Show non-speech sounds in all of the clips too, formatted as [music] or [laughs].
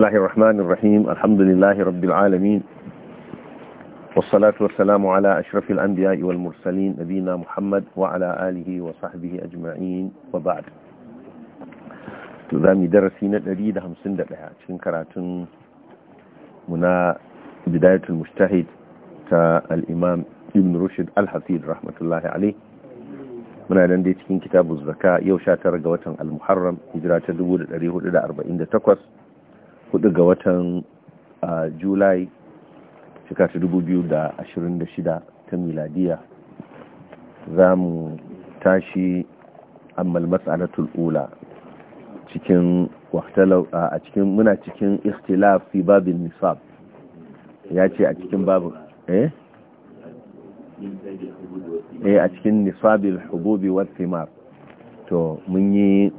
الله الرحمن الرحيم الحمد لله رب العالمين والصلاة والسلام على أشرف الأنبياء والمرسلين نبينا محمد وعلى آله وصحبه أجمعين وبعد تذامي درسينا الأريد هم سندة لها شنكرة منا بداية المجتهد الإمام ابن رشد الحفيد رحمة الله عليه muna nan dai cikin kitabu zaka yau 19 ga watan al-muharram hijira ta 1448 hudu ga watan julai ashirin ta shida ta miladiya za mu tashi ammal mas'alatul ula cikin a cikin muna cikin ikhtilaf fi babin nisab ya ce a cikin babin eh? eh a cikin nisabil hububi wat thimar to mun yi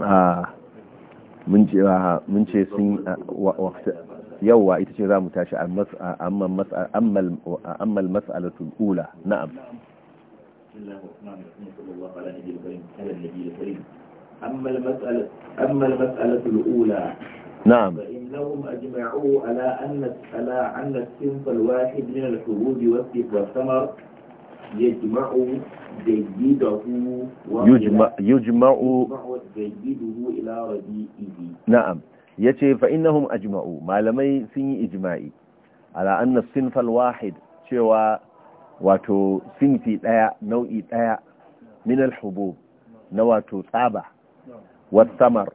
a mun ce ah, mun ce sun yawwa ah, ita ce za mu tashi ammal mas'alatul ula na'am أما المسألة, أما المسألة الأولى نعم فإنهم أجمعوا على أن على أن الصنف الواحد من الحبوب والثمر yujma'u na'am yace fa innahum ajma'u malamai sun yi ijma'i ala anna sinfal wahid cewa wato sinfi daya nau'i daya min alhubub na wato tsaba wasamar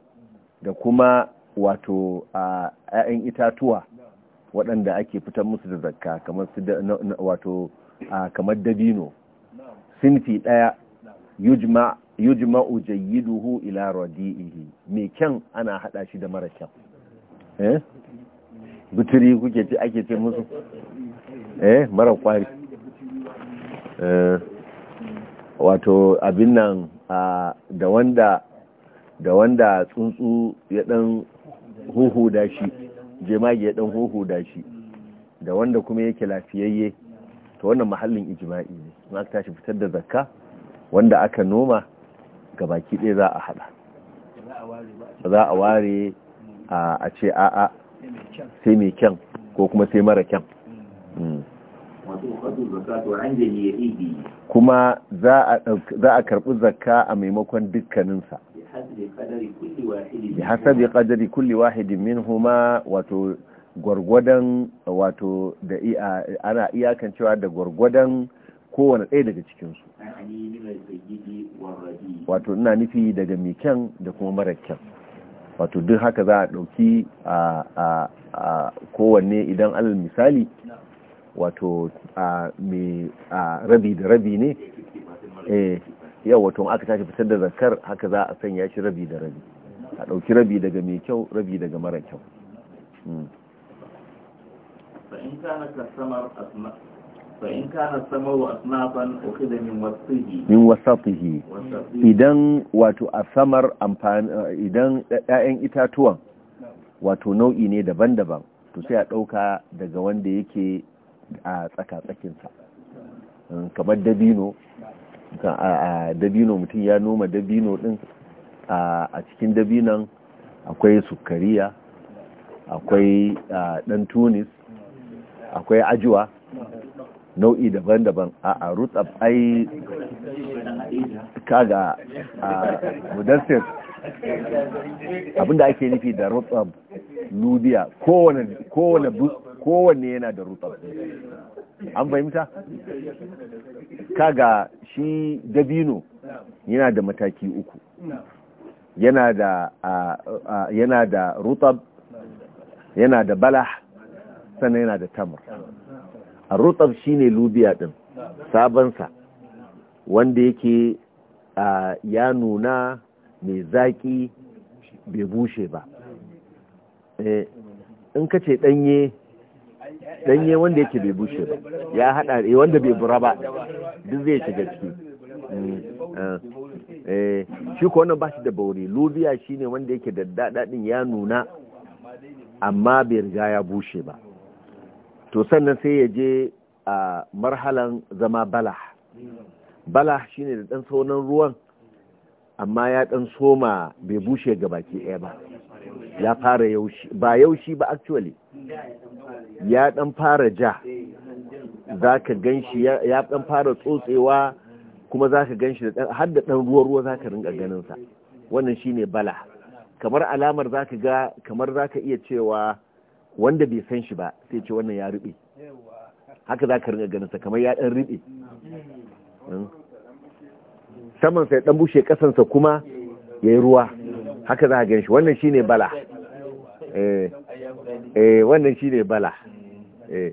da kuma wato ƴaƴan itatuwa waɗanda ake fitar musu da zakka kamar su wato a kamar dabino sinfi ɗaya yujma ujayyiduhu ila radi'ihi Me kyan ana hada shi da mara kyan eh buturi kuke ci ake ce musu eh mara kwari eh, wato abin nan da wanda da wanda tsuntsu ya dan huhu da shi jemage ya dan huhu da da wanda kuma yake lafiyayye to wannan mahallin ijima'i ne na ta tashi fitar da zakka wanda aka noma ga baki ɗaya za a hada za a ware a ce a'a sai mai kyan ko kuma sai mara kyan mm. kuma za a karɓi zakka a maimakon dukkaninsa bi hasabi kadari kulli wahidin minhuma wato gwargwadon wato da ana iyakancewa da gwargwadon kowane ɗaya daga cikinsu wato ina nufi daga mai kyan da kuma mara kyan wato duk haka za a ɗauki a kowanne idan alal misali wato a mai rabi da rabi ne eh, yau wato aka tashi fitar da zakar haka za a sanya shi rabi da rabi a ɗauki rabi daga mai kyau rabi daga mara kyau hmm. فإن كانت الثمر أسماء فإن kana الثمر أصنافا أخذ من وسطه من وسطه إذن ‘ya'yan itatuwan wato nau'i ne daban-daban to sai a ɗauka daga wanda yake a tsaka-tsakinsa kamar dabino a dabino mutum ya noma dabino ɗin a cikin dabinon akwai sukariya akwai ɗan tunis akwai ajiwa nau'i daban-daban a rutsa ai kaga a mudassir abinda ake nufi da rutsa ludiya kowane yana da rutsa an fahimta kaga shi dabino yana da mataki uku yana da rutsa yana da balah sannan yana da tamar a shi shine lubiya din sabansa wanda yake ya nuna mai zaki bai bushe ba eh, in ka ce danye danye wanda yake bai bushe ba ya hada eh, wanda bai bura ba duk zai shiga ciki mm, eh, shi ko wannan ba shi da bauri lubiya shine wanda yake da dadadin ya nuna amma bai riga ya bushe ba to sannan sai ya je a marhalan zama balah balah shine da dan saunan ruwan amma ya dan soma bai bushe ga baki ɗaya ba ya fara yaushi ba yaushi ba actually ya dan fara ja za ka gan ya dan fara tsotsewa kuma za ka gan har da dan ruwa-ruwa za ka ringa ganinsa wannan shine bala kamar alamar za ka ga kamar za ka iya cewa wanda bai san shi ba sai ce wannan ya rube haka za ka ringa ganin sa kamar ya dan rube hmm? saman sai dan bushe kasansa kuma yayi ruwa haka za ka gan shi wannan shine bala eh eh wannan shine bala eh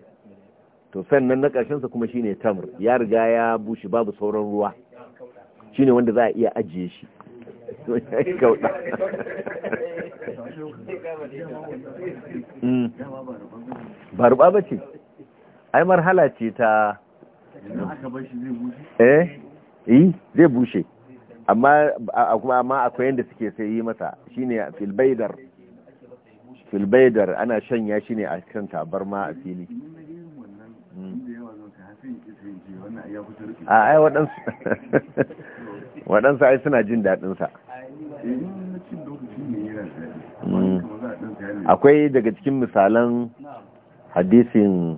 to sannan na karshen sa kuma shine tamr ya riga ya bushe babu sauran ruwa shine wanda za a iya ajiye shi [laughs] kauda [laughs] [laughs] barba hmm. ba ce ai marhala ce ta eh yi zai bushe amma amma akwai yadda suke sai yi masa shine filbaidar filbaidar ana shanya shi ne a kan tabarma a fili hmm. a ai waɗansu [laughs] waɗansu ai suna jin daɗinsa akwai daga cikin misalan hadisin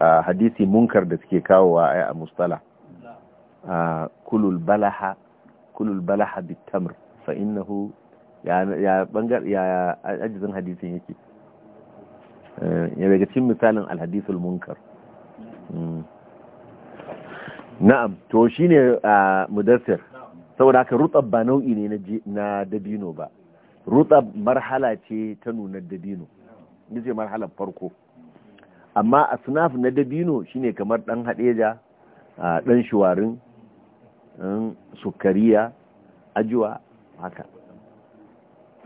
hadisi munkar da suke kawowa a a mustala kulul balaha kulul balaha bitamr fa innahu ya bangar ya ajizin hadisin yake ya daga cikin misalin alhadisul munkar hmm. na'am to shine mudassir saboda haka rutab ba nau'i ne na dabino ba Rutsa marhala ce ta nunar dabino ce marhalar farko amma a asnaf na dabino shine kamar dan hadeja dan shuwarin sukariya ajuwa haka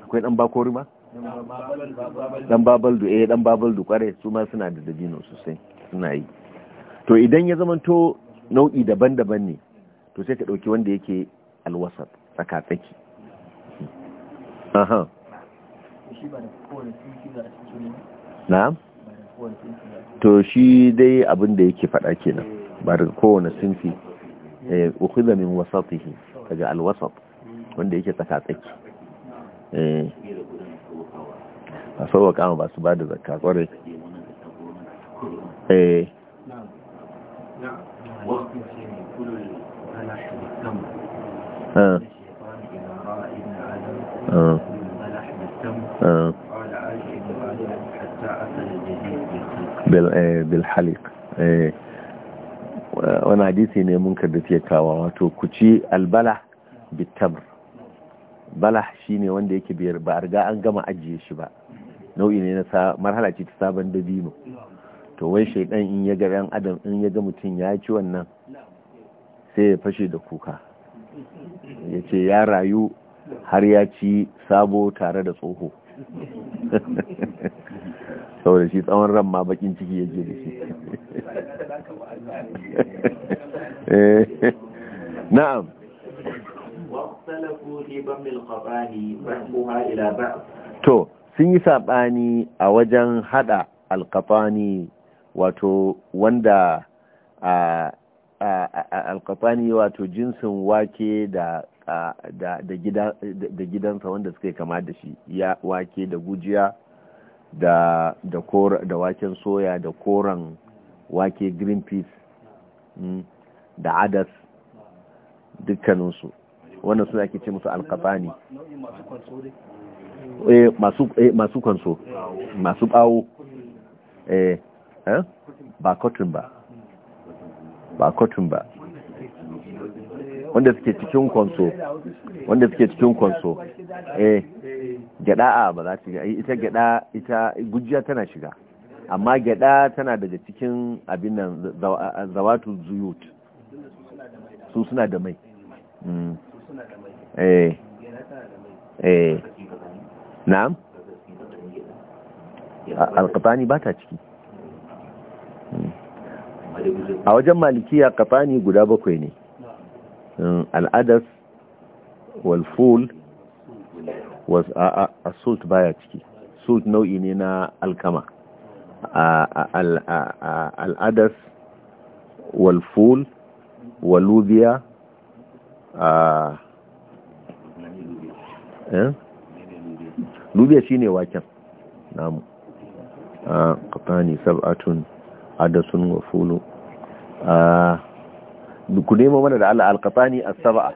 akwai dan bakori ma dan babaldu eh dan babaldu kware su ma suna da dabino sosai suna yi to idan ya zamanto nau'i daban-daban ne to sai ka dauki wanda yake alwasat tsaka-tsaki aha na'am to shi dai abin da yake faɗa kenan ba daga kowane sinfi eh ukhidha min wasatihi daga alwasat wanda yake tsaka tsaki eh a sauwa kama ba su ba da zakka kwarai eh na'am ah. قال wani hadisi ne munkar da take kawo wato ku ci albala bitamr bala shine wanda yake biyar ba a riga an gama ajiye shi ba nau'i ne na marhala ce ta sabon dabino to wai shaidan in ya ga adam in ya ga mutum ya ci wannan sai ya fashe da kuka yace ya rayu har ya ci sabo tare da tsoho [laughs] saboda shi tsawon ran ma bakin ciki yake da shi [laughs] eh, na'am to sun yi saɓani a wajen hada alkafani wato wanda a alkafani wato jinsin wake da da gidansa wanda suka yi kama da shi ya wake da gujiya da waken soya da koren wake green peas mm, da adas dukkaninsu wannan suna ake ce musu alkafani eh, eh, masu kwanso masu bawo eh, ba cotton ba ba cotton ba wanda suke cikin kwanso wanda suke cikin kwanso eh gyada a ba za ta yi ita gyada ita gujiya tana shiga amma gyada tana daga cikin abin nan zawatu zuyut su suna da mai hmm. eh eh na'am alƙatani ba ta ciki hmm. a wajen malikiya ƙatani guda bakwai ne al'adas walful salt baya ciki salt nau'i ne na alkama al'adas walful walubiya eh? lubiya shi ne waken namu a ƙafani sab'atun adasun wafulu a ku nemo mana da Allah alqatani as-sab'a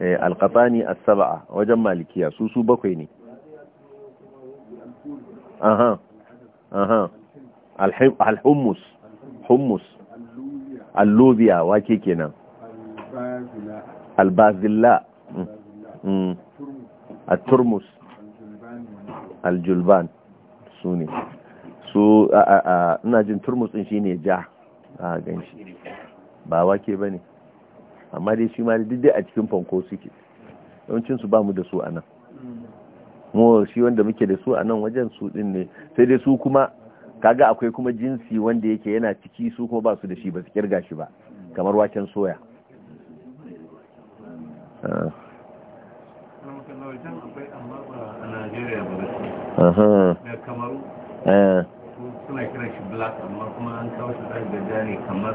eh alqatani as-sab'a wajen malikiya su su bakwai ne aha aha al-hummus hummus lubiya wake kenan albazilla mm, mm. al turmus aljulban su ne su ina jin turmus din shine ja a ganshi ba wake ba ne amma dai shi ma duk dai a cikin fanko suke yawancinsu ba mu da su a nan mu shi wanda muke da su a nan wajen su din ne sai dai su kuma kaga akwai kuma jinsi wanda yake yana ciki su kuma ba su da shi ba su kirga shi ba kamar waken soya ah. eh. suna kira shi black amma kuma an kawo shi da jani kamar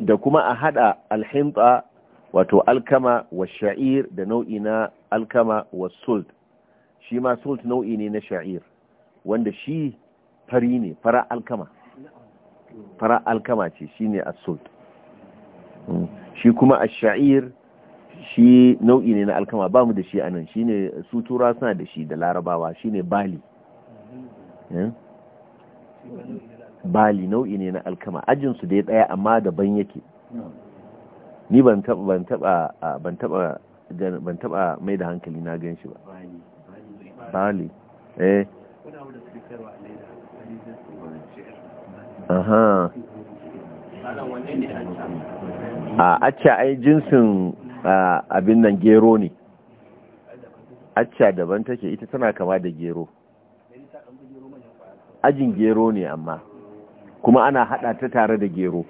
da kuma a hada alhinta wato alkama wa sha'ir da nau'i na alkama wa sult shi ma sult nau'i ne na sha'ir wanda shi fari ne fara alkama fara alkama ce shi ne a sult mm. shi kuma a sha'ir shi nau'i ne na alkama ba mu da shi anan shi ne su tura suna da shi da larabawa shi ne bali eh? bali nau'i ne na alkama ajinsu da ya tsaya amma daban yake ni ban taba mai da hankali na gan shi ba bali eh aha a acca ai jinsin abin nan gero ne acca daban take ita tana kama da gero ajin gero ne amma kuma ana hada ta tare da gero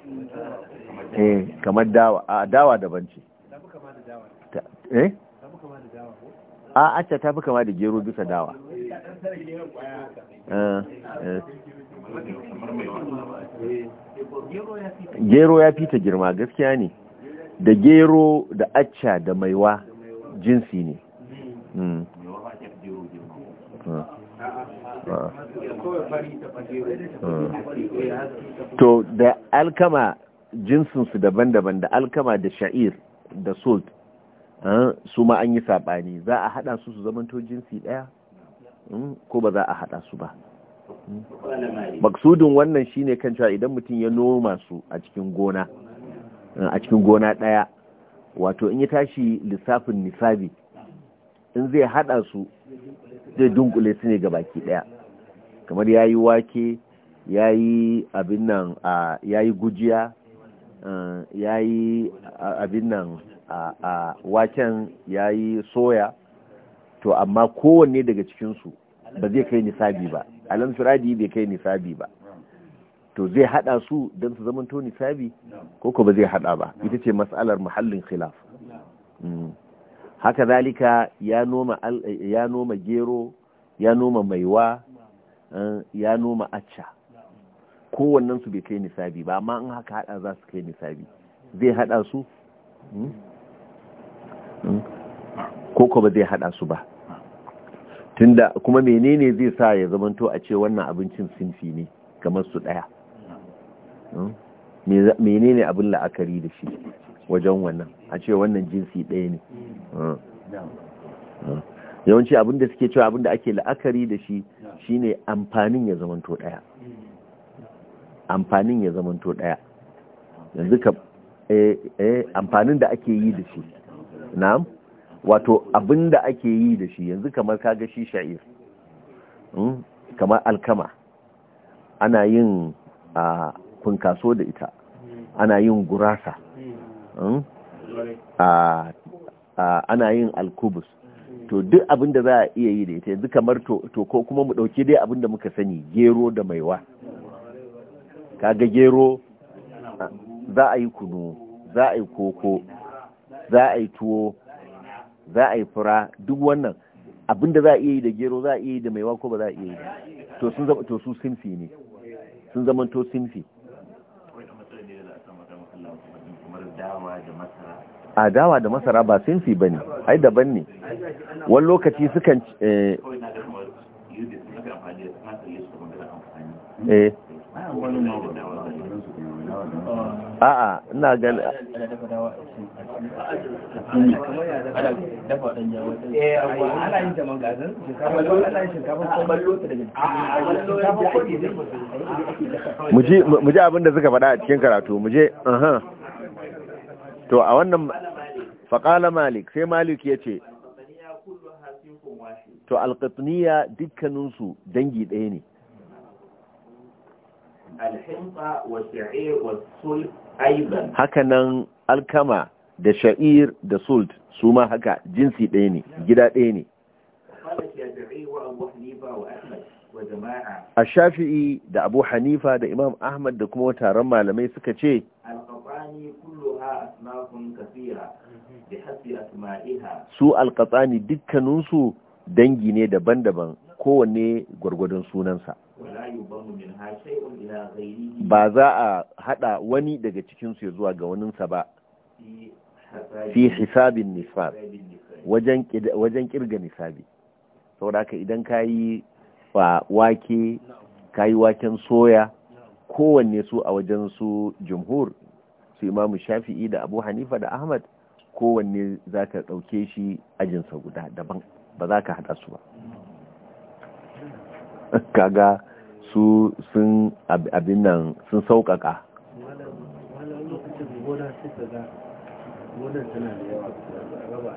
eh kamar dawa a dawa daban ce eh a acca ta fi kama da gero bisa dawa eh, eh. gero ya fi ta girma gaskiya ne da gero da acca da maiwa jinsi ne hmm. Hmm. Hmm. to da alkama jinsinsu daban-daban da alkama da sha'ir da salt su ma an yi saɓani za a haɗa su su zamanto jinsi ɗaya hmm, ko ba za a haɗa su ba hmm. maksudin wannan shine kan cewa idan mutum ya noma su a cikin gona a cikin gona ɗaya wato in ya tashi lissafin nisabi in zai haɗa su zai dunkule su ne ga baki ɗaya kamar ya yi wake ya yi abin nan ya yi gujiya ya yi abin nan a waken ya yi soya to amma kowanne daga cikinsu ba zai kai nisabi ba alam firadi bai kai nisabi ba to zai hada su don su zamanto nisabi ko ko ba zai hada ba ita ce matsalar muhallin khilaf mm. haka zalika ya noma gero ya noma maiwa Eh, ya noma acca kowannen su bai kai nisabi ba amma in haka hada za su kai nisabi zai hada su hmm? Hmm? ko ba zai hada su ba tunda kuma menene zai sa ya zamanto a ce wannan abincin sinfi ne kamar su daya hmm? menene abin la'akari da shi wajen wannan a ce wannan jinsi ɗaya ne yawanci abin da suke cewa abin da ake la'akari da shi shine amfanin ya zamanto daya amfanin ya zamanto daya yanzu ka eh eh amfanin da ake yi da shi na'am wato abin da ake yi da shi yanzu kamar kaga shi sha'ir hmm? kamar alkama ana yin a kunkaso da ita ana yin gurasa hmm. Hmm? ana yin alkubus to duk abin da za a iya yi da ita yanzu kamar to ko kuma mu ɗauki dai abin da muka sani gero da maiwa kaga gero za a yi kunu za a yi koko za a yi tuwo za a yi fura duk wannan abin da za a iya yi da gero za a iya yi da maiwa ko ba za a iya yi to sun zama to su sinfi ne sun zama to sinfi dawa da masara adawa da masara ba sinfi ba ne ai daban ne wani lokaci sukan eh, eh, a'a ina gani muje abinda suka faɗa a cikin karatu muje aha to a wannan faƙala malik sai malik ya ce to alƙatniya dukkaninsu dangi ɗaya ne hakanan alkama da sha'ir da sult su ma haka jinsi ɗaya ne gida ɗaya ne a shafi'i da abu hanifa da imam ahmad da kuma taron malamai suka ce su alkatsani dukkaninsu dangi ne daban-daban kowanne gwargwadon sunansa ba za a hada wani daga cikinsu ya zuwa ga waninsa ba fi hisabin nisab wajen kirga nisabi saboda ka idan ka yi wake ka waken soya kowanne su a wajen su jumhur su imamu shafi'i da abu hanifa da ahmad kowanne za ka ɗauke shi ajinsa guda daban ba za ka haɗa su ba [laughs] kaga su sun abin nan sun sauƙaƙa wannan tana da yawa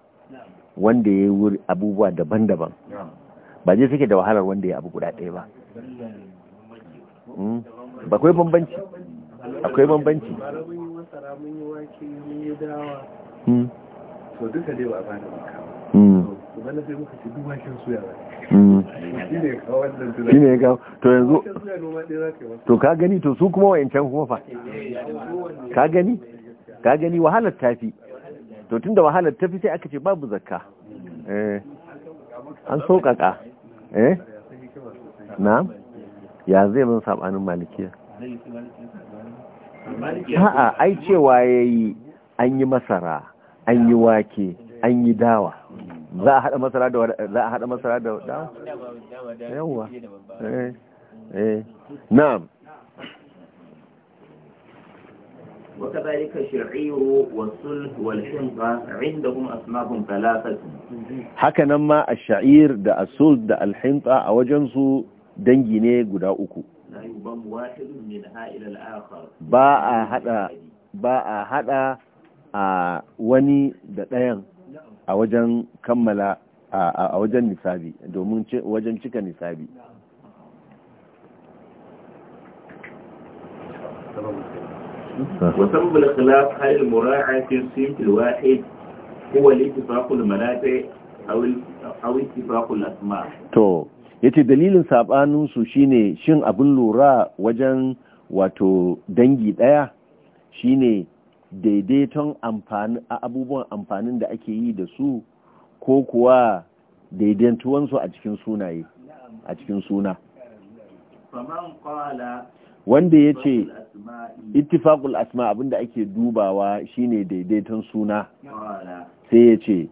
wanda ya yi abubuwa daban-daban ba je suke da wahalar wanda ya abu guda ɗaya ba hmm? ba akwai bambanci akwai bambanci hmm? to duka a bani wanda hmm. sai muka kawo to yanzu to ka gani to su kuma wayancan kuma fa eh, ka gani ka gani wahalar tafi to tun da wahalar tafi sai aka ce babu zakka eh, an sauƙaƙa eh na ya zai mun sabanin malikiya a'a ai cewa ya yi an yi masara an yi wake an yi dawa za a haɗa masara da za a masara da dawa yawwa eh eh na'am وكذلك الشعير والصلح والحنطة عندهم أسماء ثلاثة haka nan ma a sha'ir da a sulh da alhinta a wajensu dangi ne guda uku ba a haɗa a wani da ɗayan a wajen kammala a wajen wajen cika nisabi وسبب الإخلاف هل المراعاة في الصنف الواحد هو الاتفاق المنافع أو أو اتفاق الأسماء تو yace dalilin sabanin su shine shin abin lura wajen wato dangi daya shine daidaiton amfani abubuwan amfanin da ake yi da su ko kuwa daidaituwansu a cikin sunaye a cikin suna wanda ya ce ittifakul asma abinda ake dubawa shine daidaiton suna sai ya ce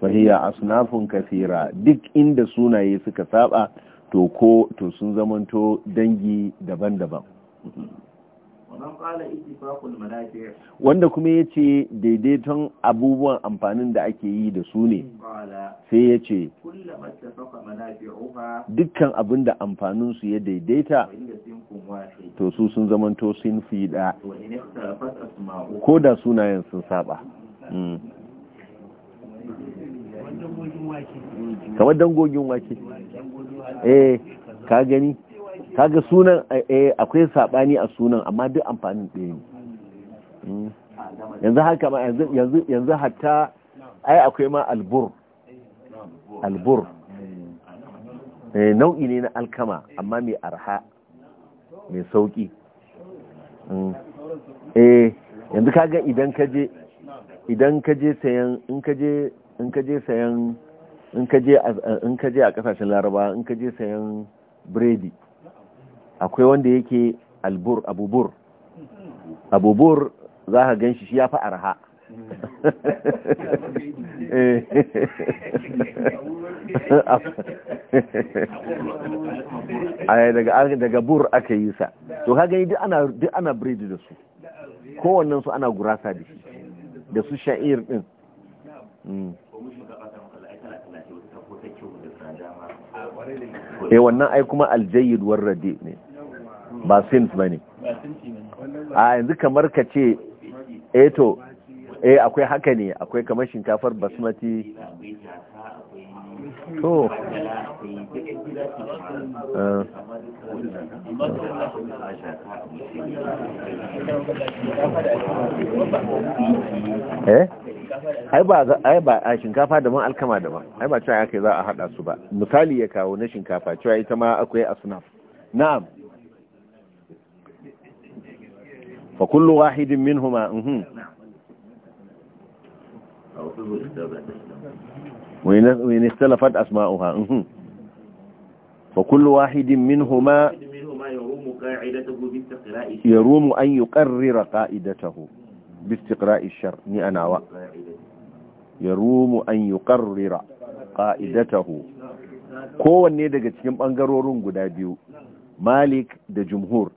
fahiya asnafun kasira duk inda sunaye suka saba to ko to sun zamanto dangi daban-daban wanda kuma ya ce daidaiton abubuwan amfanin da ake yi da su ne sai ya ce dukkan abin da amfaninsu ya daidaita to su sun zamanto sun fi da ko da sunayen sun saba hmm. kamar dangogin wake eh ka gani kaga sunan eh, eh, akwai sabani a sunan amma duk amfanin ɗaya ne hmm. yanzu haka ma yanzu hatta ai akwai ma albur albur eh, nau'i ne na alkama amma mai arha mai sauki hmm. eh yanzu kaga idan kaje idan kaje sayan in kaje in kaje sayan in kaje je a kasashen laraba in kaje sayan biredi akwai wanda yake albur abubur abubur za ka gan shi shi ya fi arha [laughs] daga bur aka yi sa to ka gani duk ana biredi da su kowannen su ana gurasa da shi da su sha'ir din mm. eh wannan ai kuma aljayyid warrade ne ba sint ba ne a yanzu kamar ka ce eh to eh akwai haka ne akwai kamar shinkafar basmati to eh, eh? ai ba ai ba a shinkafa da man alkama da ba ai ba cewa yake za a hada su ba misali ya kawo na shinkafa cewa ita ma akwai asnaf na'am فكل واحد منهما minhuma mhm وإن اختلفت أسماؤها فكل واحد منهما يروم أن يقرر قائدته باستقراء الشر نعنى يروم أن يقرر قائدته kowanne daga cikin ɓangarorin guda biyu malik da jumhur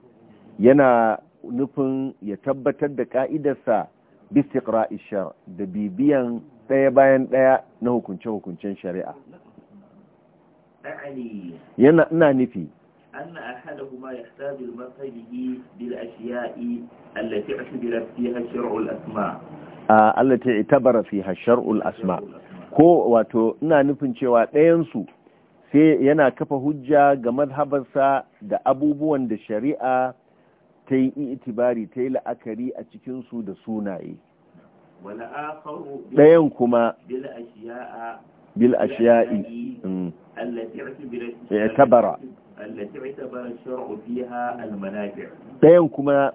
yana nufin ya tabbatar da ka'idarsa bistiqra ishar da bibiyan ɗaya bayan ɗaya na hukunce-hukuncen shari'a yana ina nufi أن أحدهما يحتاج لمرتبه بالأشياء التي اعتبر فيها الأسماء التي اعتبر فيها الأسماء ko wato ina nufin cewa ɗayansu sai yana kafa hujja ga madhabarsa da abubuwan da shari'a ta yi itibari ta yi la'akari a cikinsu da sunaye ɗayan kuma bil ashiya'i mm. ya tabara ɗayan kuma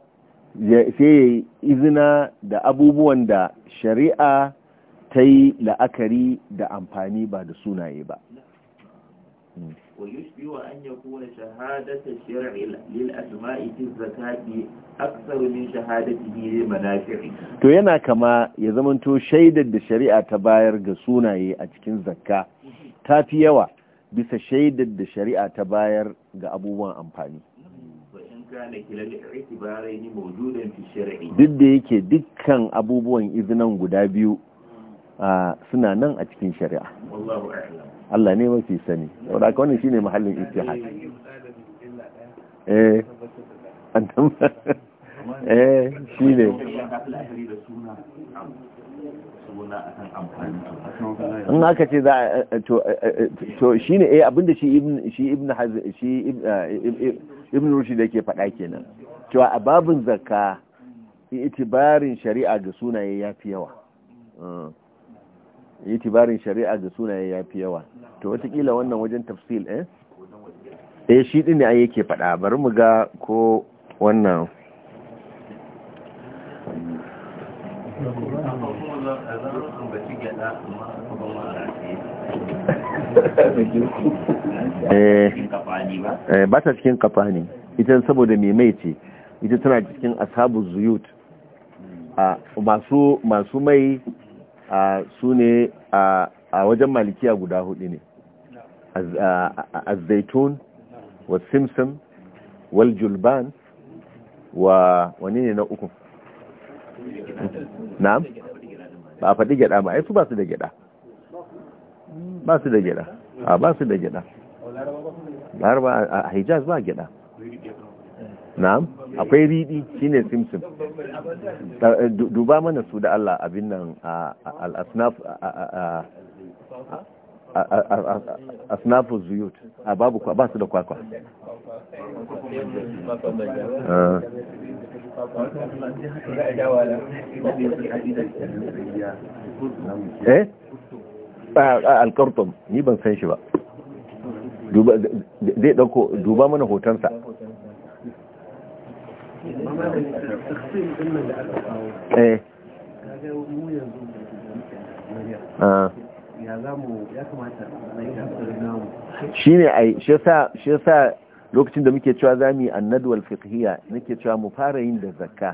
sai ya yi izina da abubuwan da shari'a ta yi la'akari da amfani ba da sunaye ba Hmm. ويشبه أن يكون شهادة الشرع للأسماء في الزكاة أكثر من شهادته للمنافع to yana kama ya zamanto shaidar da shari'a ta bayar ga sunaye a cikin zakka ta fi yawa bisa shaidar da shari'a ta duk da yake dukkan abubuwan izinan guda biyu suna nan a cikin shari'a Allah ne mafi sani saboda ka shi shine mahallin haka eh an eh shine in aka ce za to shine eh abinda shi ibn shi ibn shi ibn ke faɗa kenan cewa a babin zakka itibarin shari'a ga sunaye ya fi yawa hmm. itibarin shari'a da sunaye ya fi yawa to watakila wannan wajen tafsil eh eh shi ɗin ne ai yake faɗa bari mu ga ko wannan [laughs] eh, eh, ba ta cikin kafani ita saboda mai mai ce ita tana cikin ashabu zuyut masu mai su ne a wajen malikiya guda hudu ne azzaitun wa simpson wal julban wa wani ne na uku na'am ba a faɗi gyaɗa ba ai su ba su da gyaɗa ba su da gyaɗa a ba su da gyaɗa ba a hijaz ba gyaɗa na'am akwai riɗi shine simsim eh, duba mana su da Allah abin nan al-asnaf asnafu zuyut a babu ba su da kwakwa ah. eh al-qurtum ni ban san shi ba duba zai dauko duba mana hotonsa Eh. Ah. Ah. shi ne a shi sa lokacin da muke cewa za mu yi fiqhiyya nake cewa mu fara yin da zakka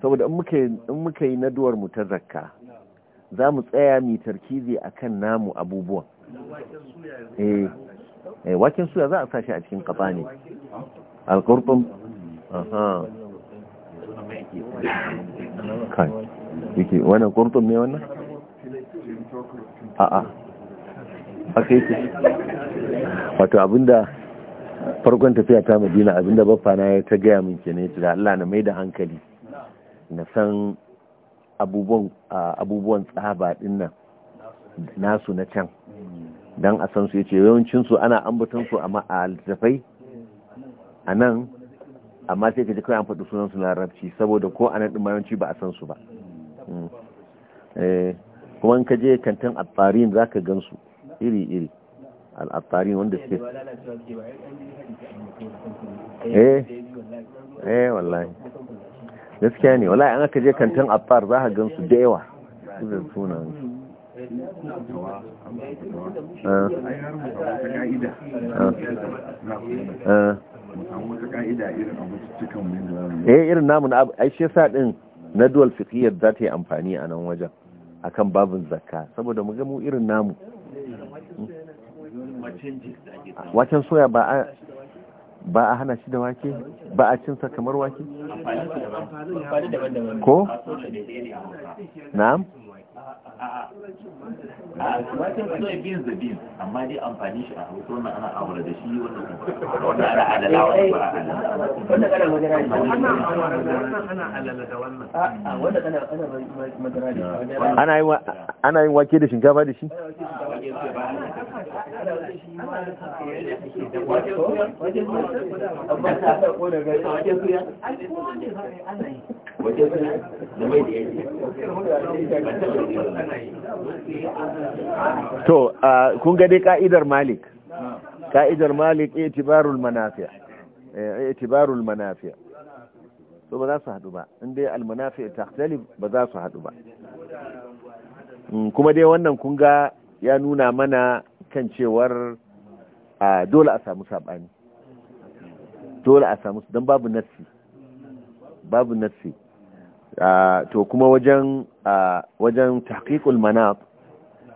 saboda in muka yi naduwar mu ta zakka za mu tsaya mai tarkizi kan namu abubuwan eh. eh waken suya za a sashi a cikin kafa ne alkurtum yake wannan kurtun ne wannan a'a aka yake wato abinda farkon tafiya ta madina abinda bafa na ya ta gaya min ne, ya da Allah na mai da hankali na san abubuwan tsaba din nasu na can don a san su ya ce yawancinsu ana ambatansu a littattafai a nan amma sai ka ji kawai an faɗi sunan su larabci saboda ko nan ɗin mayanci ba a san su ba mm. eh, kuma in ka je kantin alfarin za ka gan su iri iri alfarin wanda suke eh eh wallahi gaskiya ne wallahi an aka je kantin alfar za ka gan su da yawa da sunan su Ah. eh irin namu na ai shi yasa din na dual fiqhiyar za ta yi amfani a nan wajen akan babin zakka saboda mu ga mu irin namu waken soya ba a ba a hana shi da wake ba a cinsa kamar wake ko na'am a tumatir ba zai bin zabin amma dai amfani shi a hausa wannan ana aure da shi wannan ana alala wani ba a nan wanda kana magana da wannan ana alala da wannan a wanda kana ana magana da ana yi ana yin wake da shinkafa da shi wajen suya da mai da yake to kun ga dai ka'idar malik ka'idar malik itibarul Iya eh, itibarul manafiya. to ba za su hadu ba in dai almanafi' takhtalif ba za su hadu ba mm, kuma dai wannan kun ga ya nuna mana kan cewar dole a samu sabani dole a samu don babu nassi babu nassi Ah, to kuma wajen ah, wajen tahqiqul manaf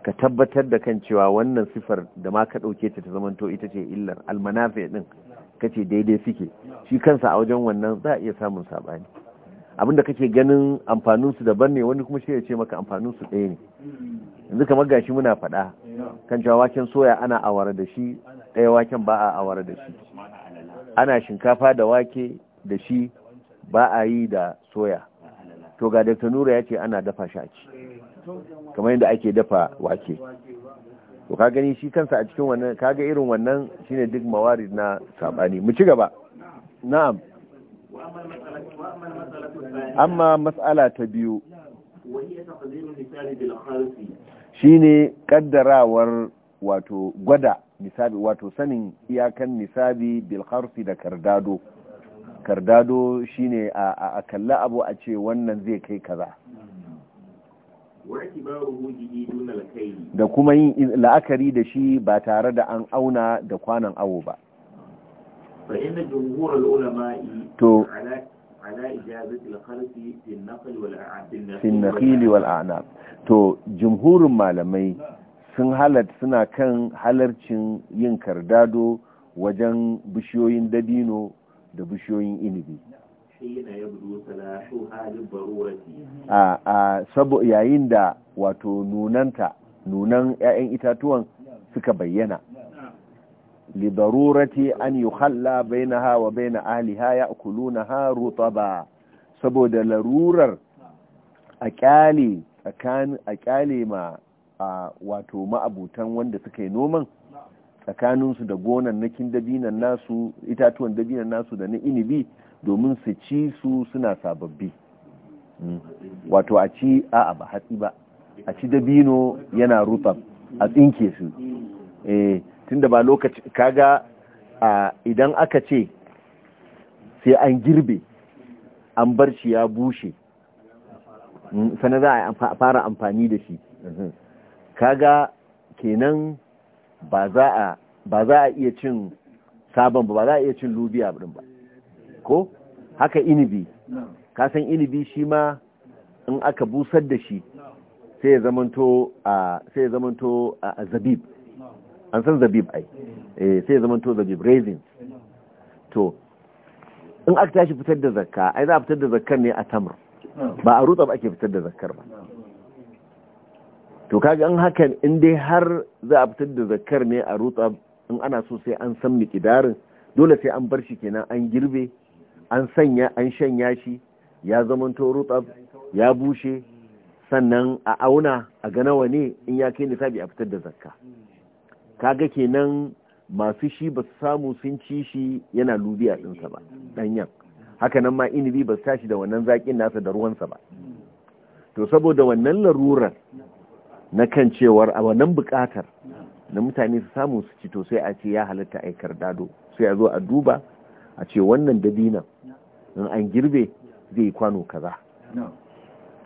ka tabbatar da kan cewa wannan sifar da ma ka dauke ta ta zamanto ita ce illar manafi din kace daidai suke shi kansa a wajen wannan za a iya samun sabani abinda kake ganin amfanin su daban ne wani kuma shi ya ce maka amfanin su ɗaya ne yanzu kamar gashi muna faɗa kan cewa waken soya ana awara da shi ɗaya waken ba a awara da shi ana shinkafa da wake da shi ba a yi da soya to ga dr nura ya ce ana dafa shi a ci kamar yadda ake dafa wake to ka gani shi kansa a cikin wannan kaga irin wannan shine duk mawari na sabani mu ci gaba na'am amma mas'ala ta biyu shine kaddarawar wato gwada nisabi wato sanin iyakan nisabi bil da kardado kardado shine a kalla abu a ce wannan zai kai kaza da kuma yin la'akari da shi ba tare da an auna da kwanan awo ba to finnakili wal'anab to jumhurin malamai sun halat suna kan halarcin yin kardado wajen bishiyoyin dabino da bishiyoyin inibi a sabo yayin da wato nunanta nunan 'ya'yan itatuwan suka bayyana libarurati an yukhalla bainaha wa bain ahliha ya'kulunaha rutaba saboda larurar a kyale tsakanin a kyale ma wato ma'abutan wanda suka yi noman tsakaninsu da gonannakin dabinan nasu itatuwan dabinan nasu da na inibi domin su ci su suna sababbi mm. wato a ci a'a ba hatsi ba a ci dabino yana rutsa a tsinke su eh tunda ba lokaci kaga idan aka ce sai an girbe an bar shi ya bushe mm, sana za a fara amfani da shi mm-hmm. kaga kenan ba za a iya cin sabon ba ba za a iya cin lubiya din ba ko haka inibi kasan inibi shi ma in aka busar da shi sai ya zamanto a zabib an san zabib ai eh, sai ya zamanto zabib raisin to in aka tashi fitar da zakka ai za a fitar da zakkar ne a tamar, ba a rutsa ba ake fitar da zakkar ba to kaga an hakan in dai har za a fitar da zakar ne a rutsa in ana so sai an san mikidarin dole sai an bar shi kenan an girbe an sanya an shanya shi ya zamanto rutsa ya bushe sannan a auna a ga nawa ne in ya kai nisabi a fitar da zakka kaga kenan masu shi ba su samu sun ci shi yana lubi a ɗinsa ba ɗanyen haka nan ma inibi ba su tashi da wannan zaƙin nasa da ruwansa ba to saboda wannan larurar na kan cewar a wannan bukatar na mutane su samu su ci to sai a ce ya halatta aikar dado sai a zo a duba a ce wannan dabinan in an girbe zai yi kwano kaza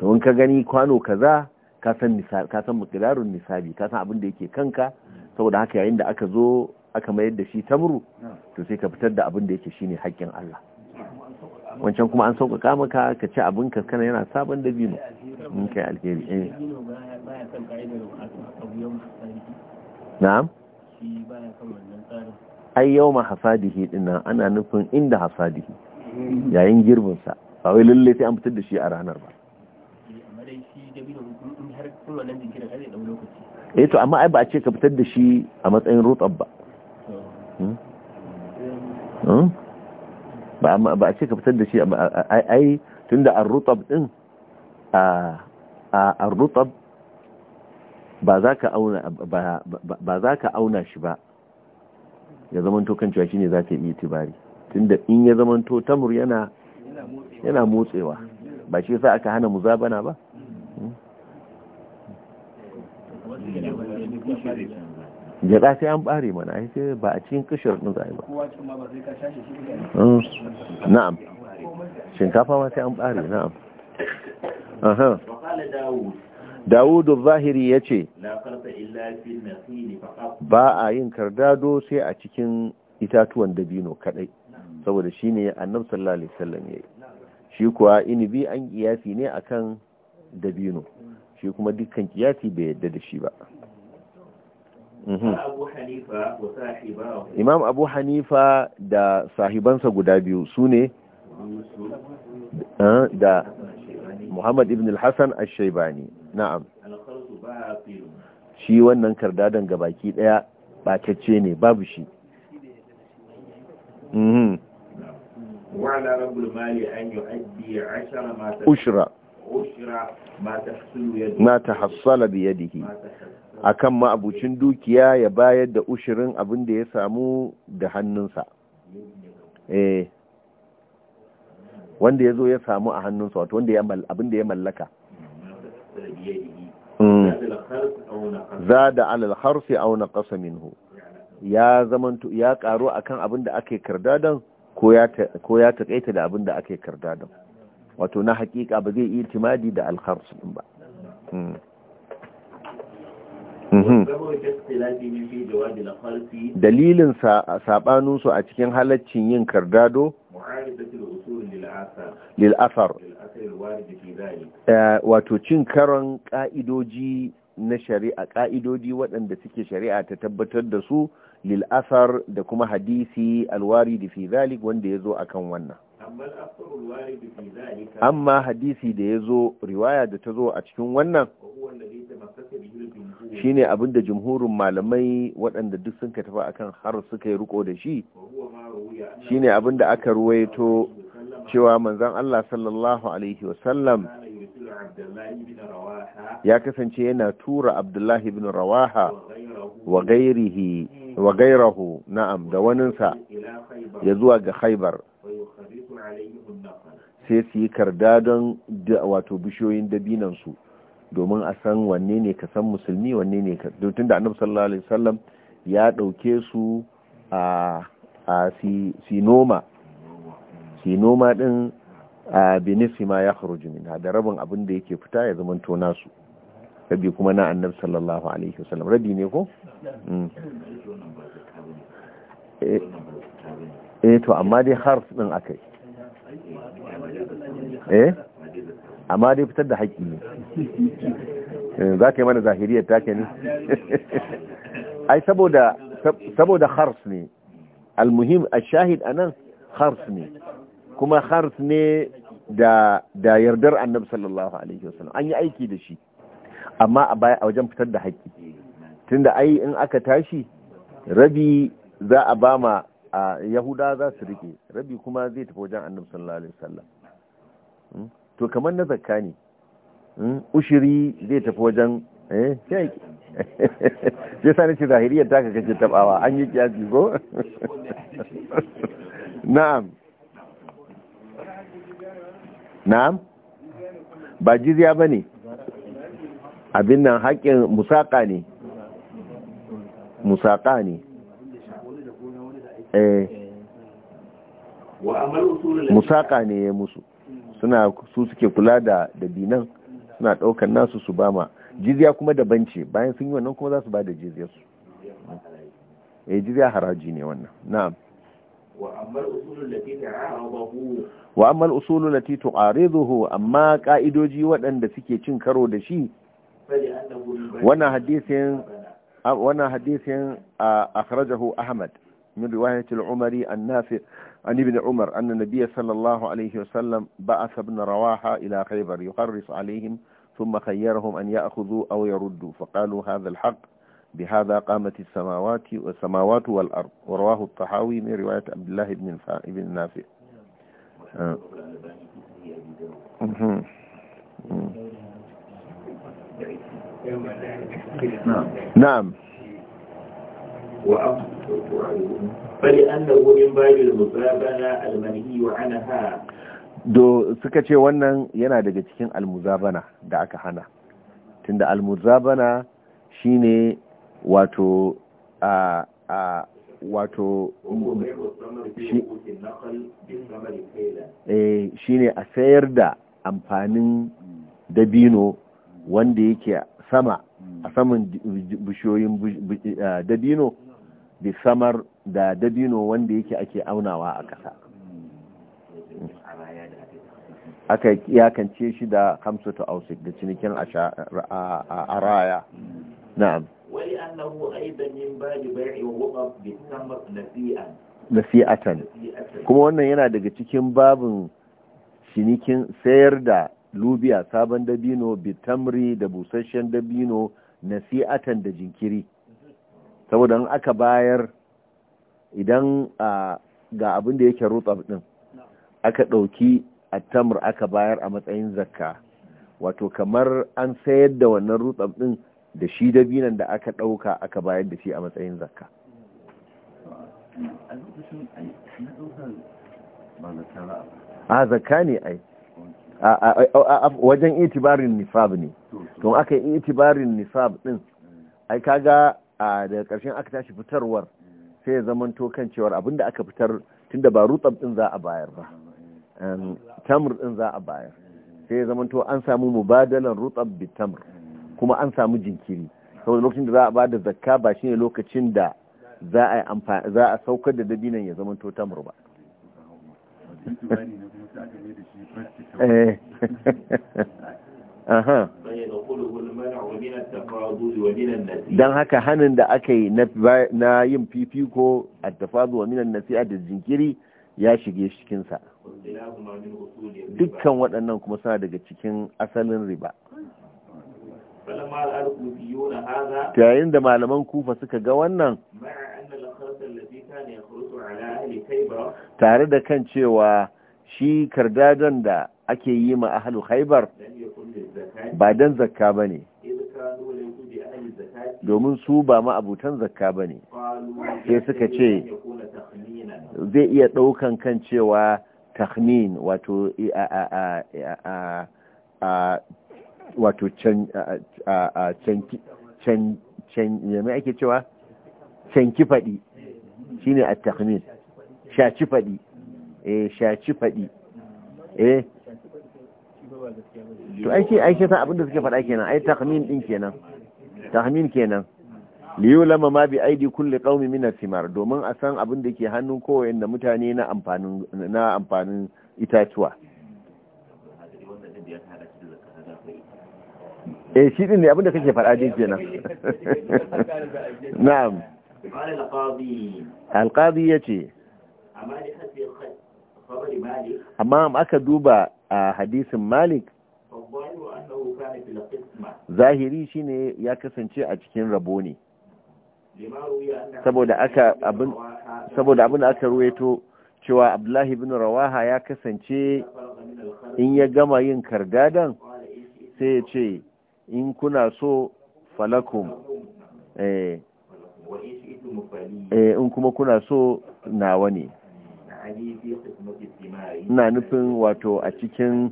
to in ka gani kwano kaza ka san ka san nisabi ka san abin da yake kanka saboda haka yayin da aka zo aka mayar da shi tamru to sai ka fitar da abin da yake ne haƙƙin Allah wancan kuma an sauƙaƙa maka ka ci abin ka yana sabon dabino in kai alheri eh kan yau mahasadihi na'am shi ai yau mahasadihi dinnan ana nufin inda hasadihi yayin girbinsa ba wai lalle sai an fitar da shi a ranar ba eh to amma ai ba a ce ka fitar da shi a matsayin rutsab ba hmm? Hmm? ba a ce ka fitar da shi ai tunda ar-rutab din a ar-rutab ba za ka auna shi ba ya zamanto kan cewa shi ne za ta yi itibari tunda in ya zamanto tamur yana motsewa ba shi sa aka hana mu zabana ba gyaɗa sai an ɓare mana ai ce ba a cikin kashar ɗin zai ba hmm. na'am shinkafa ma sai an ɓare na'am Dawudu Zahiri ya ce, Ba a yin kardado sai a cikin itatuwan dabino kadai, saboda shi ne annab sallallahu Alaihi ya yi. Shi kuwa inibi an kiyafi ne a kan dabino, shi kuma dukkan kiyafi bai yadda da shi ba. Imam Abu Hanifa da sahibansa guda biyu su ne eh, da Muhammad ibn al-Hassan al-Shaibani. na'am shi wannan kardadan baki daya bakacce ne babu shi وعلى رب المال أن يؤدي عشر ما أشرى ما bi yadihi akan ma'abucin dukiya ya bayar da ushirin abin da ya samu da hannunsa eh wanda ya zo ya samu a hannunsa wato wanda abin da ya mallaka Hmm. zada alal harfi auna ƙasa minhu ya zamanto ya ƙaru akan abin da ake kardadan ko ya taƙaita da abin da ake kardadan wato na haƙiƙa ba zai yi timadi da alharsu ɗin din ba hmm. mhm. dalilin saɓaninsu a cikin halaccin yin kardado lil'asar Eh, wato cin karon ka'idoji na shari'a ka'idoji waɗanda suke shari'a ta tabbatar da su lil asar da kuma hadisi alwari da fi zalik wanda ya zo akan wannan amma hadisi da ya zo riwaya da ta zo a cikin wannan shine abin da jimhurin malamai waɗanda duk sun ka tafi akan har suka yi riko da shi shine abin da aka ruwaito cewa manzan Allah sallallahu alaihi wasallam ya kasance yana tura Abdullahi ibn Rawaha wa gairahu na'am da waninsa ya zuwa ga haibar sai su yi kardadon wato bishiyoyin dabinansu domin a san wanne ne ka san musulmi wanne ne ka dutun da annabi sallallahu alaihi wasallam ya dauke su a a si noma su noma din a binisi ma ya kharuju minha da rabin abin da yake fita ya zama to nasu rabi kuma na annabi sallallahu alaihi wasallam rabi ne ko mm. eh, eh to amma dai ɗin din akai eh amma dai fitar da haƙƙi ne eh, za ka yi mana zahiriyar take ne [laughs] ai saboda saboda harf ne al muhim al-shahid anan harf ne kuma harf ne da yardar annabi sallallahu alaihi wasallam an yi aiki da shi amma a baya a wajen fitar da haƙƙi tunda ai in aka tashi rabi za a ba ma yahuda za su rike rabi kuma zai tafi wajen annabi sallallahu alaihi wasallam hmm? to kamar na zakka ne hmm? ushiri zai tafi wajen eh sai sai sani ce zahiriyar ta kake tabawa an yi kiyasi go [laughs] na'am na'am ba jizya ba ne abin nan haƙƙin musaƙa ne musaƙa ne eh. musaƙa ne ya musu suna su suke kula da dabinan suna ɗaukar nasu su ba ma jizya kuma da banci bayan sun yi wannan kuma za su ba da jizyarsu eh jiziya haraji ne wannan na'am وأما الأصول التي تعارضه وأما الأصول التي تعارضه أما قائد جيوات أن دسكي تنكرو دشي وانا حديث وانا حديث أخرجه أحمد من رواية العمري النافع عن ابن عمر أن النبي صلى الله عليه وسلم بعث ابن رواحة إلى خيبر يقرص عليهم ثم خيرهم أن يأخذوا أو يردوا فقالوا هذا الحق بهذا قامت السماوات والسماوات والأرض ورواه الطحاوي من رواية عبد الله بن, الفا... بن نافع نعم فلأنه من باب المزابنة المنهي عنها do suka ce wannan yana daga cikin almuzabana da aka hana tunda almuzabana shine wato a a wato shi eh, ne a sayar da amfanin dabino wanda yake sama a saman bishiyoyin dabino bi samar da dabino wanda yake ake aunawa a ƙasa aka iyakance shi da hamsu ta ausik da cinikin a raya na'am ولأنه أيضا من باب بيع ووقف بالثمر نسيئا nasi'atan kuma wannan yana daga cikin babun cinikin sayar da lubiya sabon dabino bitamri da busasshen dabino nasi'atan da jinkiri saboda in aka bayar idan ga abin da yake rutsaf din aka ɗauki atamr aka bayar a matsayin zakka wato kamar an sayar da wannan rutsaf din da shi dabinan da aka ɗauka aka bayar da shi a matsayin zakka a zakka ne ai wajen itibarin nisab ne to aka yi itibarin nisab din ai kaga da ƙarshen aka tashi fitarwar sai ya zamanto kan cewar abinda aka fitar tunda ba rutsab din za a bayar ba tamr din za a bayar sai ya zamanto an samu mubadalan rutsab bi tamr kuma an samu jinkiri saboda lokacin da za a bada zakka ba shine lokacin da za a saukar da dabinan ya zama to tamur ba eh. [laughs] don haka hannun da aka yi na yin fifiko a tafazu wa minan nasi'a da jinkiri ya shige cikinsa dukkan waɗannan kuma suna daga cikin asalin riba yayin da malaman kufa suka ga wannan tare da kan cewa shi kardadon da ake yi ma ahalu haibar ba don zakka ba ne domin su ba ma'abutan zakka ba ne sai suka ce zai iya ɗaukan kan cewa tahmin wato a wato can yamai ake cewa canki faɗi shi ne a takmin shaci faɗi eh shaci faɗi eh to aiki aiki san abinda suke faɗa kenan ai takmin din kenan takmin kenan liyulama ma bi aidi kulli qaumi min al-thimar domin a san abin da ke hannun kowayen da mutane na amfanin na amfanin itatuwa e shi din ne abinda kake faɗa din kenan [laughs] na'am al-qadhi al-qadi yace amma aka duba a hadisin malik zahiri shine ya kasance a cikin rabo ne saboda aka abin saboda abin da aka ruwaito cewa abdullahi ibn rawaha ya kasance in ya gama yin kardadan sai ya ce in kuna so falakum eh. eh in kuma kuna so nawa ne ina nufin wato a cikin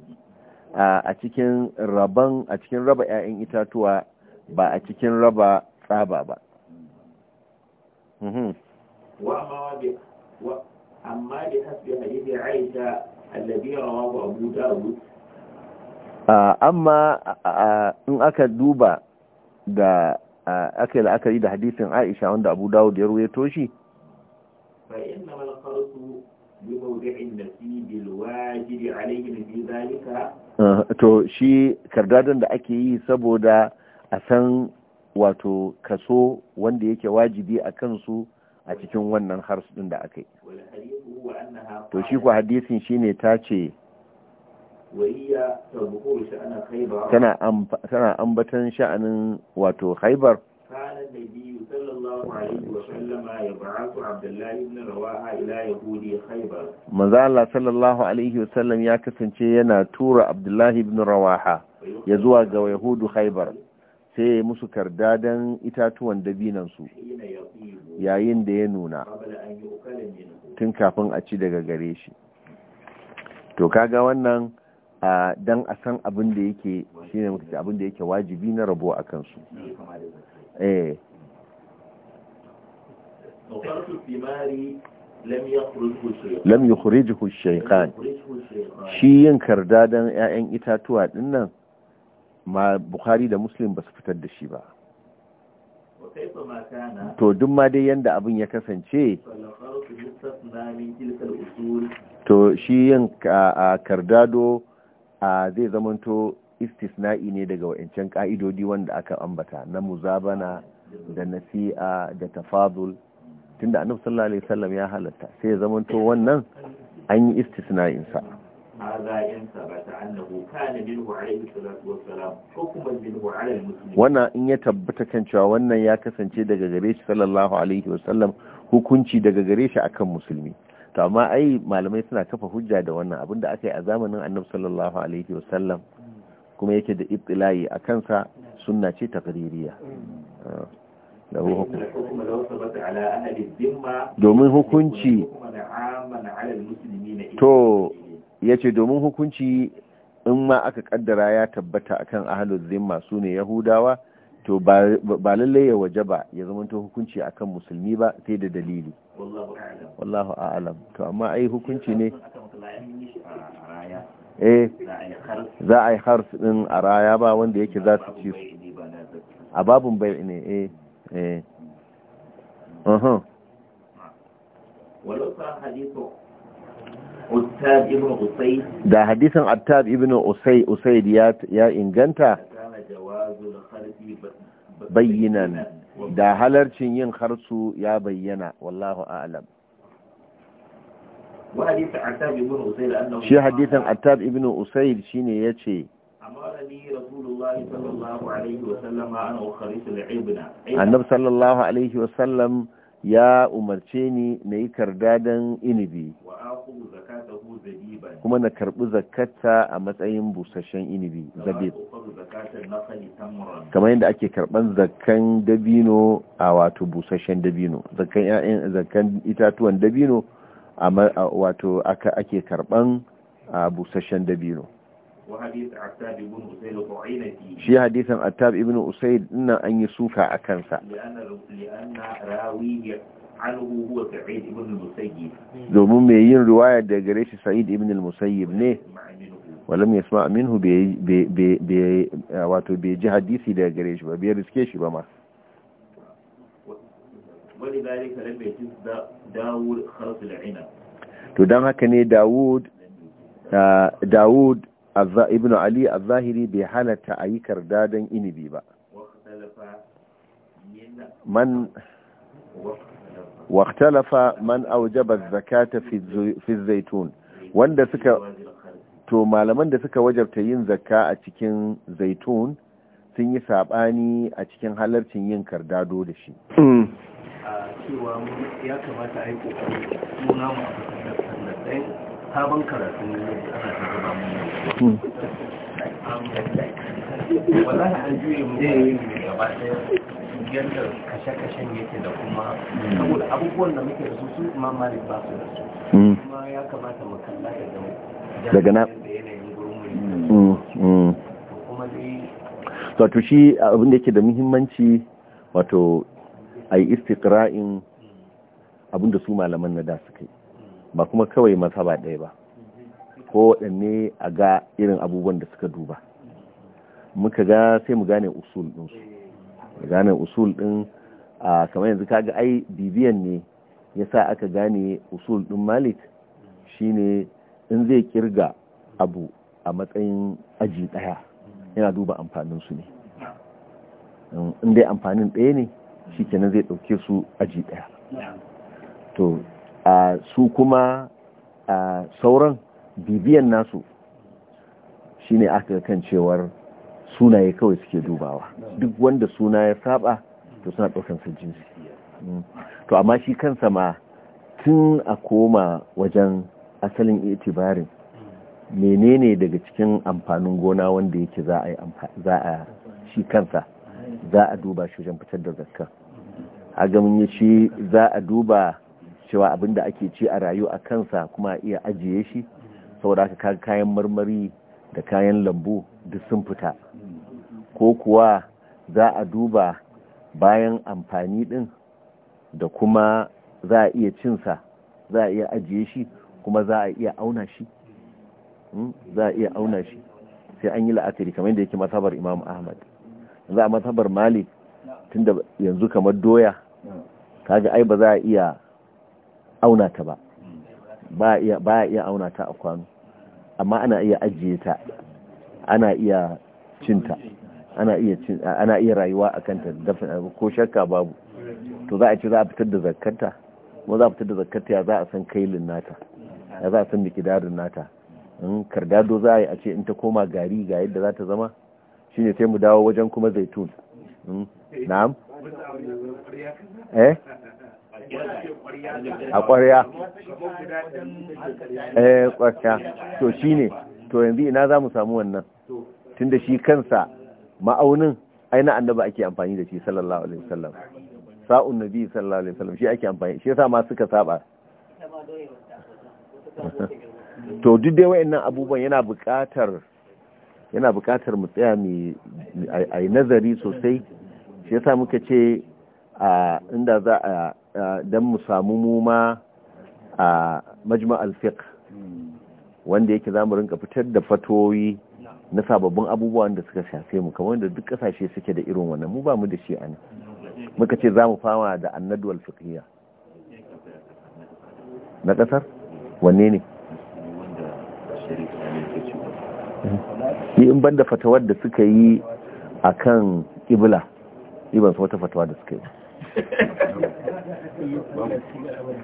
a cikin raban a cikin raba 'ya'yan itatuwa ba a cikin raba tsaba ba mm-hmm. amma da hasbi hadithi Aisha alladhi rawahu Abu Dawud amma in aka duba da aka yi la'akari da hadisin aisha wanda abu dawud ya ruwe toshi to shi kardadon da ake yi saboda a san wato kaso wanda yake wajibi a kansu a cikin wannan harsunan da aka yi to shi ku hadisin shine ta ce tana ambatan sha'anin wato haibar manzo Allah sallallahu alaihi wasallam ya kasance yana tura Abdullahi ibn Rawaha ya zuwa ga Yahudu haibar sai ya musu kardadan itatuwan dabinan su yayin da ya nuna tun kafin a ci daga gare shi to kaga wannan don a san abin da yake shi ne muka ce abin da yake wajibi na rabo a kansu eh lam yukhrijuhu shaytan shi yin karda don ƴaƴan itatuwa dinnan ma bukhari da muslim ba su fitar da shi ba to duk ma dai yanda abin ya kasance to shi yin kardado zai zamanto istisna'i ne daga wa'ancan ka'idodi wanda aka ambata na muzabana da nasi'a da tafadul tunda annabi sallallahu alaihi wasallam ya halatta sai ya zamanto wannan an yi istisna'in sa wannan in ya tabbata kan cewa wannan ya kasance daga gare shi sallallahu alaihi wasallam hukunci daga gare shi akan musulmi to amma ai malamai suna kafa hujja da wannan abin da aka yi a zamanin annabi sallallahu alaihi wasallam kuma yake da ibtila'i a kansa sunna ce ta da domin hukunci to yace domin hukunci in ma aka kaddara ya tabbata akan ahlul zimma sune yahudawa to ba lalle ya waje ba ya zama to hukunci akan musulmi ba sai da dalili wallahu a'lam to amma ai hukunci ne eh za a yi hars din a raya ba wanda yake za su ci a babun bai ne eh eh Usaid uh-huh. da hadisin attab ibn Usaid usaid ya inganta bayyanan da halarcin yin harsu ya bayyana wallahu a'lam shi hadithan attab ibn usayl shine yace annabi sallallahu alaihi wa sallam annab ya umarce ni na yi kardadan inibi kuma na karbi zakata a matsayin busasshen inibi zabib kamar yadda ake karban zakan dabino a wato busasshen dabino zakan ƴaƴan zakan itatuwan dabino a wato aka ake karban a busasshen dabino shi hadisan attab ibn usaid dinnan an yi suka a kansa domin mai yin riwaya da gare shi sa'id ibn al-musayyib ne walam ya sama minhu wato bai ji hadisi daga gare shi ba bai riske shi ba ma to don haka ne dawud dawud ibn ali al-zahiri bai halatta a yi karda don inibi ba man واختلف zakata fi الزكاة في wanda suka. to malaman da suka wajabta yin zakka a cikin zaitun sun yi saɓani a cikin halarcin yin kardado da shi hmm. cewa ya kamata sabon karatun ana hmm. gaba yadda kashe-kashen yake da kuma abubuwan da muke da su su ma malik ba su da su hmm. kuma ya kamata mu kalla da daga na mm, mm. wato shi abin da yake da muhimmanci wato a yi istikra'in abin da su malaman na da suka yi ba kuma kawai ba ɗaya ba ko waɗanne a ga irin abubuwan da suka duba muka ga sai mu gane usul ɗinsu gane usul ɗin a kamar yanzu kaga ai bibiyan ne ya sa aka gane usul ɗin malik shine in zai kirga abu a matsayin aji daya yana duba amfanin ne in dai amfanin ɗaya ne shi kenan zai ɗauke su aji ɗaya to a su kuma a sauran bibiyan nasu shi ne aka kan cewar sunaye kawai suke dubawa duk wanda suna ya saba to suna ɗaukan su jinsi hmm. to amma shi kansa ma tun a koma wajen asalin itibarin menene daga cikin amfanin gona wanda yake za a yi shi kansa za a duba shi wajen fitar da zakka haga mun yi shi za a duba cewa abin da ake ci a rayu a kansa kuma a iya ajiye shi saboda haka kayan marmari da kayan lambu duk sun fita ko kuwa za a duba bayan amfani din da kuma za a iya cinsa za a iya ajiye shi kuma za a iya auna shi hmm? za a iya auna shi sai an yi la'akari kamar yadda yake masabar imam ahmad za a masabar malik tun da yanzu kamar doya kaga ai ba za a iya auna ta ba ba a iya auna ta a kwano amma ana iya ajiye ta ana iya cinta ana iya rayuwa a kanta ko shakka babu to za a ce za a fitar da zakkarta kuma za a fitar da zakkarta ya za a san kailin nata ya za a san mikidarin nata in kardado za a yi a ce in ta koma gari ga yadda za ta zama shine sai mu dawo wajen kuma zaitun hmm? na'am eh a ƙwarya eh ƙwarya to shi ne to yanzu ina za mu samu wannan tun da shi kansa ma'aunin aina annaba ake amfani da shi sallallahu alaihi wasallam sa'un nabi sallallahu alaihi wasallam shi ake amfani shi yasa ma suka saba to duk dai wayannan abubuwan yana buƙatar yana buƙatar mu tsaya mu a nazari sosai shi yasa muka ce a inda za a dan mu samu mu ma a majma alfiq wanda yake za mu rinka fitar da fatoyi na sababbin abubuwan da suka shafe mu kamar da duk kasashe suke da irin wannan mu ba mu da shi a muka ce za mu fama da annadu alfiqiyya na ƙasar wanne ne in banda fatawar da suka yi a kan ƙibla ibansu wata fatawa da suka yi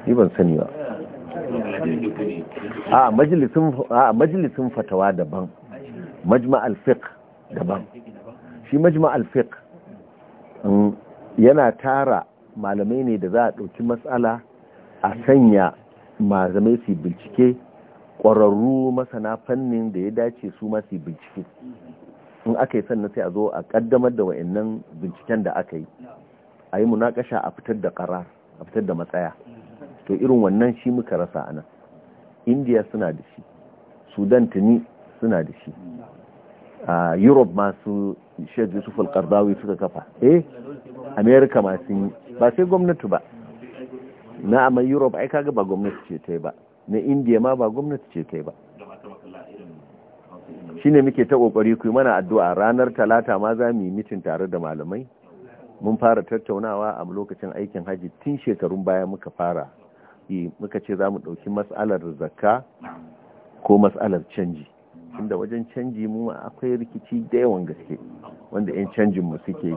iban sani ba a majalisun fatawa daban majma alfiq daban shi majma alfiq yana tara malamai ne da za a ɗauki matsala a sanya malamai su bincike ƙwararru masana fannin da ya dace su masu bincike in aka yi sannan sai a zo a ƙaddamar da wa'annan binciken da aka yi a yi munakasha a fitar da ƙarar a fitar da matsaya to irin wannan shi muka rasa anan indiya suna da shi sudan tuni suna da shi a europe masu shaid yusuf al suka kafa eh america masu yi ba sai gwamnati ba na amma europe ai kaga ba gwamnati ce ta yi ba na india ma ba gwamnati ce ta yi ba shi ne muke ta kokari ku yi mana addu'a ranar talata ma za mu yi mitin tare da malamai mun fara tattaunawa a lokacin aikin hajji tun shekarun baya muka fara muka ce za mu ɗauki matsalar zakka ko matsalar canji inda wajen canji mu akwai rikici da yawan gaske wanda 'yan canjin mu suke yi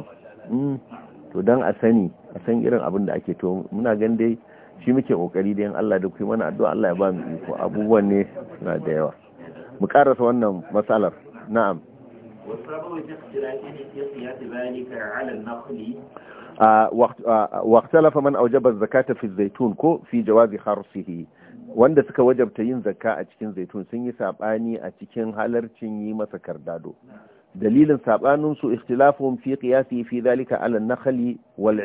hmm. to don a sani a san irin abin da ake to muna gan dai shi muke kokari da yin Allah da kuma mana addu'a Allah ya ba mu iko abubuwan ne na da yawa mu karasa wannan masalar na'am واختلف من أوجب الزكاة في الزيتون كو في جواز حرصه wanda suka wajabta yin zaka a cikin zaitun sun yi sabani a cikin halarcin yi masa kardado dalilin sabanin su fiye fi qiyasi fi zalika ala an-nakhli wal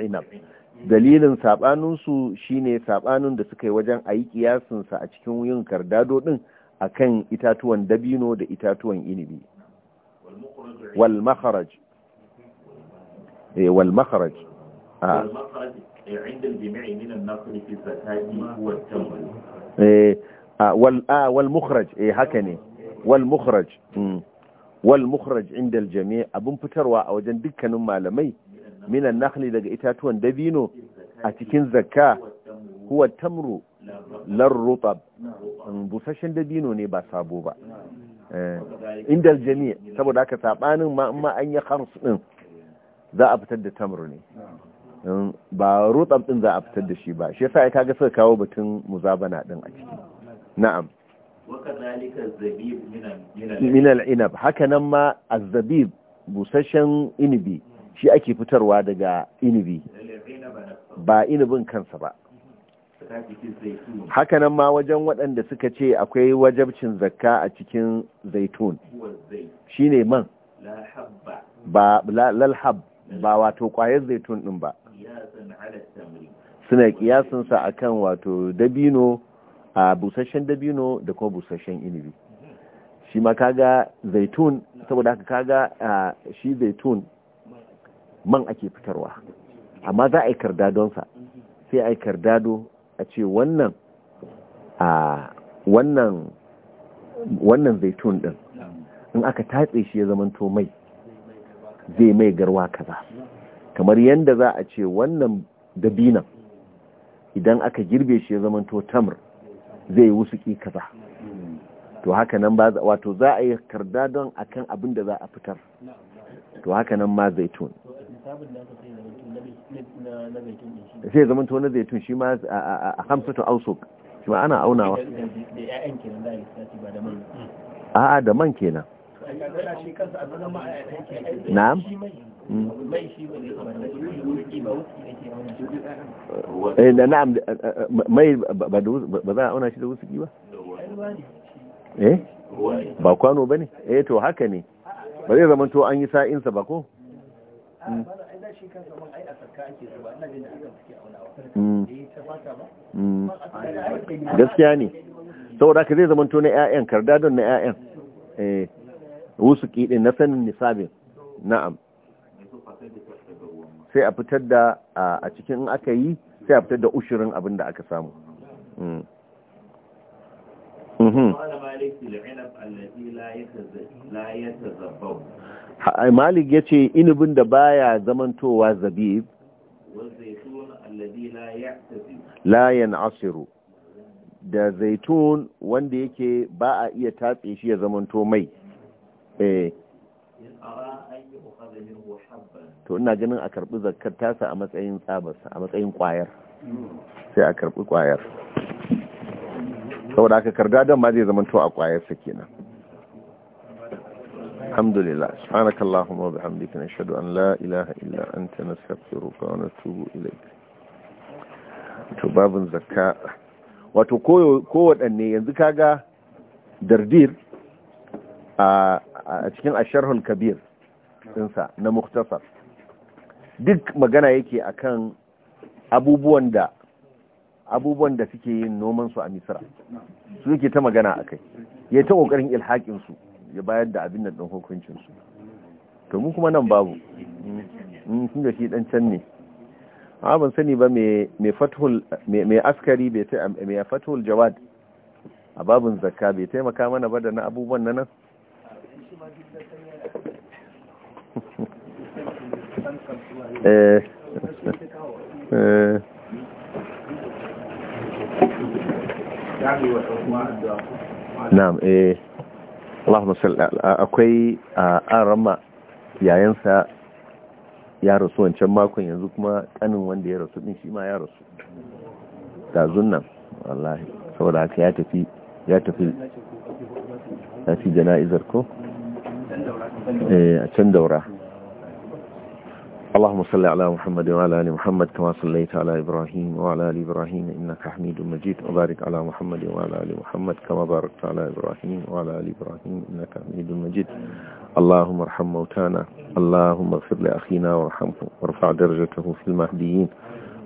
dalilin saɓaninsu shine saɓanin da suka yi wajen a yi ƙiyasinsa a cikin yin kardado ɗin a kan itatuwan dabino da itatuwan inibi wal makharaj eh, wal makharaj ah. wal eh, ah, ah, eh haka ne wal mukhraj hmm. wal inda aljami abin fitarwa a wajen dukkanin malamai minan nakhli daga itatuwan dabino a cikin zakka huwa tamru lar rutab mm, busashen dabino ne ba sabo ba eh, inda jami'a saboda haka sabanin ma amma an yi khams din za a fitar da tamru ne mm, ba rutab din za a fitar da shi ba shi yasa ai kaga suka kawo batun muzabana din a ciki na'am minan al-inab haka nan ma az-zabib busashen inibi shi ake fitarwa daga inibi ba inibin kansa ba hakanan ma wajen waɗanda suka ce akwai wajabcin zakka a cikin zaitun Shi ne man ba lalhab ba wato ƙwayar zaitun ɗin ba suna kiyasinsa a kan wato dabino a busasshen dabino da kuma busasshen inibi shi ma kaga zaitun saboda haka kaga shi zaitun man ake fitarwa amma za a yi kardadonsa sai a yi kardado a ce wannan a wannan wannan zaitun din in aka tatse shi ya zamanto mai zai mai garwa kaza kamar yadda za a ce wannan dabinan idan aka girbe shi ya zamanto tamr zai ki kaza to haka nan ba wato za a yi kardadon akan abin da za a fitar to haka nan ma zaitun sai zama to na zaitun shi ma a hamsatu ausuk shi ma ana aunawa mm. a'a da man kenan na'am na'am mai ba za a auna shi da wusuki ba eh ba kwano ba ne eh to haka ne ba zai zama to an yi sa'insa ba ko shi ai a ake zuba ina jin da aka aunawa mm. eh, ta fata ba mm. gaskiya ne saboda ka zai zamanto na ƴaƴan kardadon na ƴaƴan eh wusu kidin na sanin nisabin na'am sai a fitar da a cikin aka yi sai a fitar da ushirin abin da aka samu قال mm. mm-hmm. malik ya ce inubin da baya zamantowa zabib la asiru. da zaitun wanda yake ba a iya tatse shi ya zamanto mai eh. to ina ganin a karbi zakar tasa a matsayin tsabarsa a matsayin kwayar sai a karbi kwayar saboda aka karda don ma zai zamanto a sa kenan الحمد لله سبحانك اللهم وبحمدك نشهد أن لا إله إلا أنت نستغفرك ونتوب إليك تباب wato kowaɗanne yanzu kaga dardir a cikin asharhul kabir ɗinsa na muktasar duk magana yake akan abubuwan da abubuwan da suke yin nomansu a misira su yake ta magana akai ya ta ƙoƙarin ilhaƙinsu ya bayar da abin da ɗan hukuncinsu to mu kuma nan babu sun mm, da shi ɗan can ne abin ban sani ba mai askari mai jawad a babin zakka bai taimaka mana ba da na abubuwan na nan [laughs] eh, [laughs] eh. na'am eh Allahumma salli akwai rama yayansa ya rasu wancan makon yanzu kuma kanin wanda ya rasu din shi ma ya rasu da zunnan wallahi saboda haka ya tafi ya tafi ya tafi jana'izar ko eh a can daura اللهم صل على محمد وعلى آل محمد كما صليت على إبراهيم وعلى آل إبراهيم إنك حميد مجيد وبارك على محمد وعلى آل محمد كما باركت على إبراهيم وعلى آل إبراهيم إنك حميد مجيد اللهم ارحم موتانا اللهم اغفر لأخينا وارحمه وارفع درجته في المهديين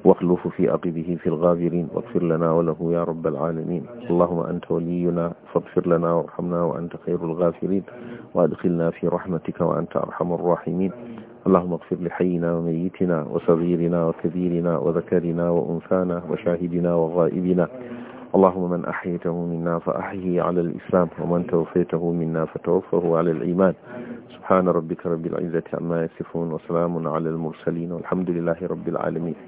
واخلفه في عقبه في الغابرين واغفر لنا وله يا رب العالمين اللهم أنت ولينا فاغفر لنا وارحمنا وأنت خير الغافرين وادخلنا في رحمتك وأنت أرحم الراحمين اللهم اغفر لحينا وميتنا وصغيرنا وكبيرنا وذكرنا وأنثانا وشاهدنا وغائبنا اللهم من أحيته منا فأحيه على الإسلام ومن توفيته منا فتوفه على الإيمان سبحان ربك رب العزة عما يصفون وسلام على المرسلين والحمد لله رب العالمين